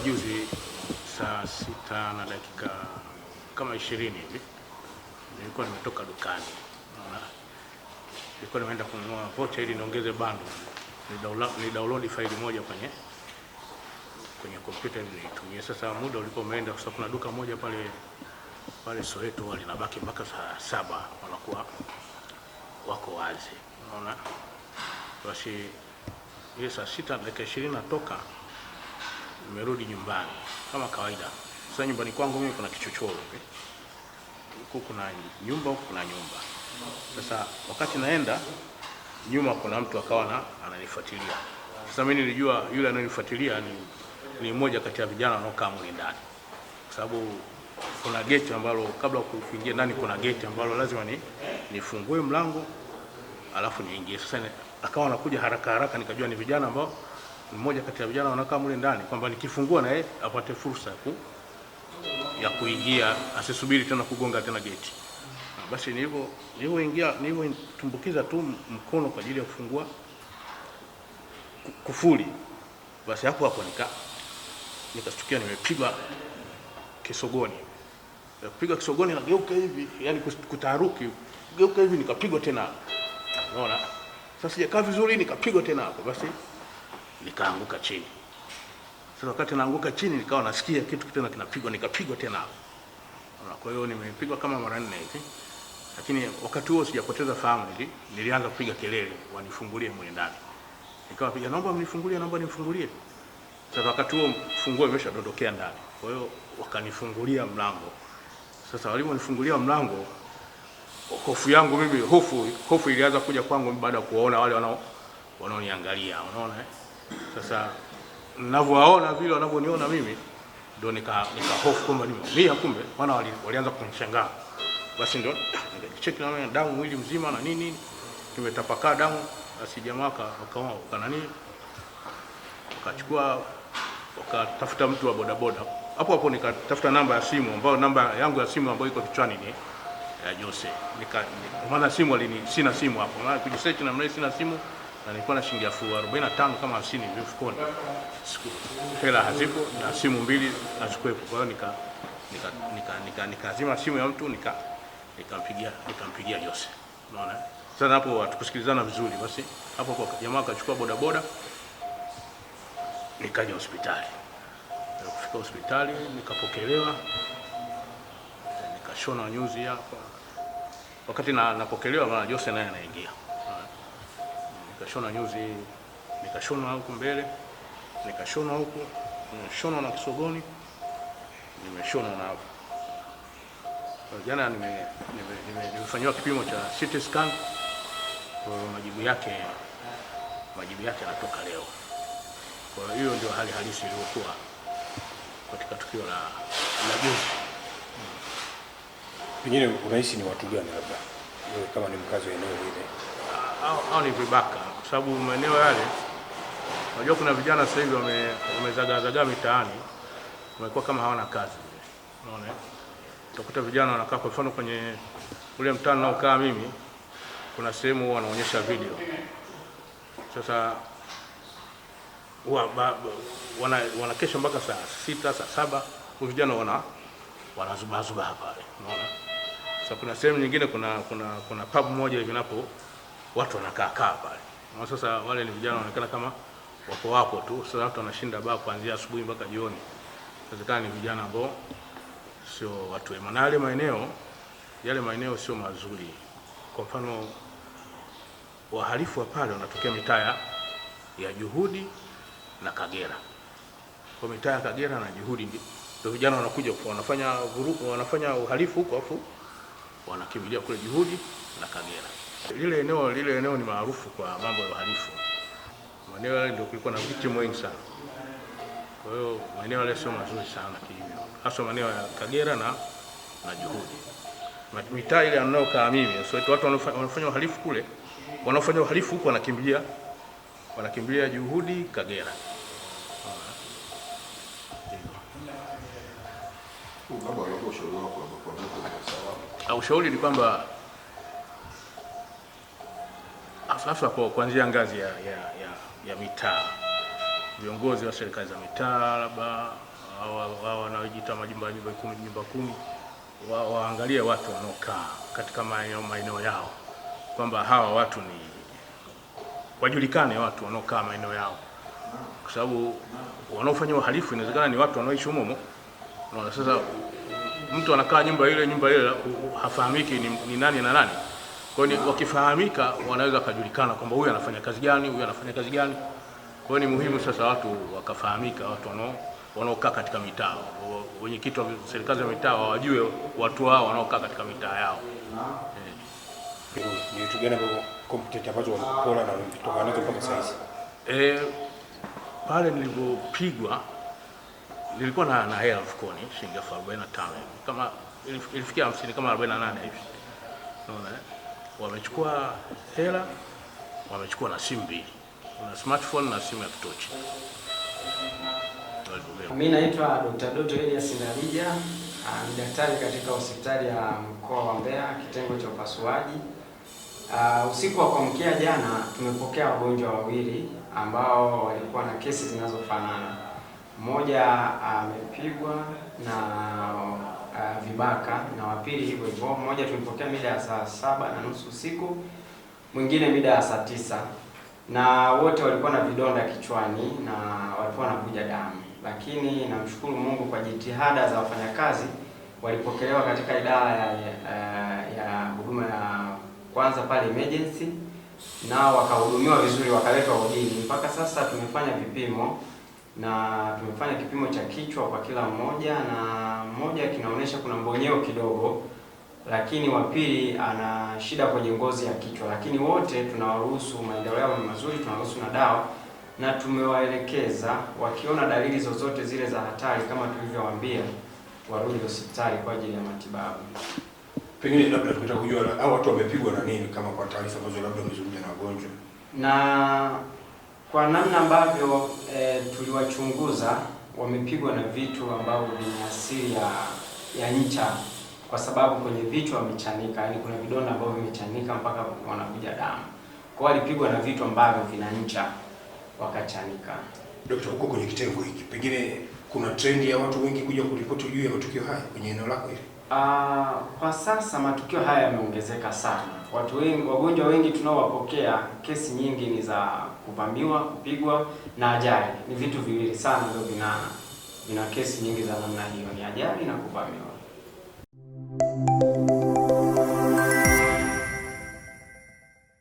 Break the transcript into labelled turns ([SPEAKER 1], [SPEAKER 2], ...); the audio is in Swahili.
[SPEAKER 1] juzi saa sita na dakika kama ishirini hivi nilikuwa nimetoka dukani, nilikuwa nimeenda kununua vocha ili niongeze bando, ni download faili moja kwenye kwenye kompyuta ili nitumie. Sasa muda ulikuwa umeenda, kwa sababu kuna duka moja pale pale Soweto linabaki mpaka saa saba wanakuwa wako wazi, unaona basi ile saa sita na dakika ishirini natoka, nimerudi nyumbani kama kawaida. Sasa nyumbani kwangu mimi kuna kichochoro eh? huko, kuna nyumba huko, kuna nyumba. Sasa wakati naenda nyuma, kuna mtu akawa na ananifuatilia. Sasa mimi nilijua yule ananifuatilia ni, ni mmoja kati ya vijana wanaokaa mle ndani, kwa sababu kuna geti ambalo kabla kuingia ndani kuna geti ambalo lazima ni nifungue mlango alafu niingie sasa akawa anakuja haraka haraka, nikajua ni vijana ambao mmoja kati ya vijana wanakaa mule ndani, kwamba nikifungua naye apate fursa ku, ya kuingia, asisubiri tena kugonga tena geti. Ah, basi nilivyo nilivyoingia nilivyotumbukiza tu mkono kwa ajili ya kufungua kufuli, basi hapo hapo nika nikastukia nimepigwa kisogoni, nikapigwa kisogoni, nageuka hivi, yani kutaaruki, geuka hivi, nikapigwa tena, unaona sasa sijakaa vizuri, nikapigwa tena hapo, basi nikaanguka chini. Sasa wakati naanguka chini, nikawa nasikia kitu tena kinapigwa, nikapigwa tena hapo. Kwa hiyo nimepigwa kama mara nne hivi, lakini wakati huo sijapoteza fahamu, nili nilianza kupiga kelele, wanifungulie mwe ndani. Nikawa piga, naomba mnifungulie, naomba nifungulie. Sasa wakati huo funguo imeshadondokea ndani, kwa hiyo wakanifungulia mlango. Sasa waliponifungulia mlango hofu yangu mimi, hofu hofu ilianza kuja kwangu baada ya kuwaona wale wanao wanaoniangalia, unaona eh? Sasa ninavyowaona vile wanavyoniona mimi ndio nika nika hofu kwamba nimeumia, kumbe wana wali, walianza kunishangaa. Basi ndio nikacheki na damu mwili mzima na nini nimetapakaa damu, basi jamaa kana kanani akachukua wakatafuta mtu wa bodaboda hapo hapo, nikatafuta namba ya simu ambayo namba yangu ya simu ambayo iko kichwani ni ya Jose. Nika kwa maana simu alini sina simu hapo. Maana kujisearch na mrei sina simu na nilikuwa na shilingi elfu arobaini na tano kama 50 hivi mfukoni. Siku hela hazipo na simu mbili hazikuwepo. Kwa hiyo nika nika nika nika nikazima simu ya mtu nika nikampigia nikampigia Jose. Unaona? Sasa hapo hatukusikilizana vizuri basi. Hapo kwa jamaa akachukua bodaboda nikaja hospitali. Nikafika hospitali nikapokelewa nashona nyuzi hapa, wakati na napokelewa, mara Jose naye anaingia, nikashona nyuzi, nikashona huku mbele, nikashona huku, nimeshona na kisogoni, nimeshona na hapo. Jana nimefanywa kipimo cha CT scan, majibu yake majibu yake yanatoka leo. Kwa hiyo ndio hali halisi iliyokuwa katika tukio la juzi.
[SPEAKER 2] Pengine unahisi ni watu gani, labda kama ni mkazi wa eneo lile?
[SPEAKER 1] au ni vibaka, kwa sababu maeneo yale, unajua kuna vijana sasa hivi wamezagaazagaa mitaani, wamekuwa kama hawana kazi. Unaona, utakuta vijana wanakaa, kwa mfano kwenye ule mtaa naokaa mimi, kuna sehemu wanaonyesha video. Sasa wanakesha mpaka saa sita, saa saba, vijana wana wanazubazuba hapa, unaona So, kuna sehemu nyingine kuna kuna kuna pub moja hivi napo watu wanakaa kaa pale. Na sasa wale ni vijana wanaonekana kama wako wapo tu. Sasa watu wanashinda baa kuanzia asubuhi mpaka jioni. Inawezekana ni vijana ambao sio watu wema. Na yale maeneo yale maeneo sio mazuri. Kwa mfano wahalifu wa pale wanatokea mitaa ya Juhudi na Kagera. Kwa mitaa ya Kagera na Juhudi ndio vijana wanakuja wanafanya vurugu, wanafanya uhalifu huko afu wanakimbilia kule Juhudi na Kagera. Lile eneo lile eneo ni maarufu kwa mambo ya uhalifu. Maeneo yale ndio kulikuwa na vitu mwingi sana. Kwa hiyo maeneo yale sio mazuri sana kihivyo, hasa maeneo ya Kagera na na Juhudi. Mitaa ile anayokaa mimi, so watu wanafanya uhalifu kule, wanaofanya uhalifu huko wanakimbilia wanakimbilia Juhudi, Kagera.
[SPEAKER 2] Baba uh,
[SPEAKER 1] ushauri ni kwamba hasa kwa kuanzia ngazi ya, ya, ya, ya mitaa, viongozi wa serikali za mitaa labda wao wanaojiita majumba nyumba kumi nyumba kumi waangalie watu wanaokaa katika maeneo maeneo yao kwamba hawa watu ni wajulikane, watu wanaokaa maeneo yao, kwa sababu wanaofanya uhalifu inawezekana ni watu wanaoishi humo. Sasa mtu anakaa nyumba ile nyumba ile hafahamiki ni, ni nani na nani. Kwa hiyo wakifahamika wanaweza wakajulikana kwamba huyu anafanya kazi gani, huyu anafanya kazi gani. Kwa hiyo ni muhimu sasa watu wakafahamika, watu wanaokaa katika mitaa, wenyekiti wa serikali za mitaa wawajue watu hao wanaokaa katika mitaa yao.
[SPEAKER 2] Ni gani na sasa?
[SPEAKER 1] Eh, pale nilipopigwa nilikuwa na, na hela mfukoni shilingi elfu arobaini na tano kama ilifikia hamsini kama arobaini na nane hivi unaona eh? Wamechukua hela, wamechukua na simu mbili, una smartphone na simu ya kitochi.
[SPEAKER 3] Mimi naitwa Dr. Doto Elias Ndalija, ah, ni daktari katika hospitali ya mkoa wa Mbeya kitengo cha upasuaji. Uh, usiku wa kuamkia jana tumepokea wagonjwa wawili ambao walikuwa na kesi zinazofanana mmoja amepigwa na a, vibaka na wapili hivyo hivyo. Mmoja tulipokea mida ya saa saba na nusu usiku, mwingine mida ya saa tisa na wote walikuwa na vidonda kichwani na walikuwa wanavuja damu, lakini namshukuru Mungu kwa jitihada za wafanyakazi walipokelewa katika idara ya, ya huduma ya kwanza pale emergency, nao wakahudumiwa vizuri, wakaletwa wodini. Mpaka sasa tumefanya vipimo na tumefanya kipimo cha kichwa kwa kila mmoja, na mmoja kinaonyesha kuna mbonyeo kidogo, lakini wa pili ana shida kwenye ngozi ya kichwa, lakini wote tunawaruhusu, maendeleo yao ni mazuri, tunaruhusu na dawa na tumewaelekeza wakiona dalili zozote zile za hatari, kama tulivyowaambia, warudi hospitali kwa ajili ya matibabu.
[SPEAKER 2] Pengine labda tukitaka kujua au watu wamepigwa na nini, kama kwa taarifa ambazo labda wamezungumza na wagonjwa
[SPEAKER 3] na kwa namna ambavyo e, tuliwachunguza wamepigwa na vitu ambavyo vyenye asili ya, ya ncha, kwa sababu kwenye vichwa wamechanika, yani kuna vidonda ambavyo vimechanika mpaka wanakuja damu. Kwa hiyo walipigwa na vitu ambavyo vina ncha wakachanika.
[SPEAKER 2] Daktari, huko kwenye kitengo hiki pengine kuna trendi ya watu wengi kuja kuripoti juu ya matukio haya kwenye eneo lako hili?
[SPEAKER 3] Ah, kwa sasa matukio haya yameongezeka sana watu wengi, wagonjwa wengi tunaowapokea, kesi nyingi ni za kuvamiwa, kupigwa na ajali. Ni vitu viwili sana ndio vina vina kesi nyingi za namna hiyo, ni ajali na kuvamiwa.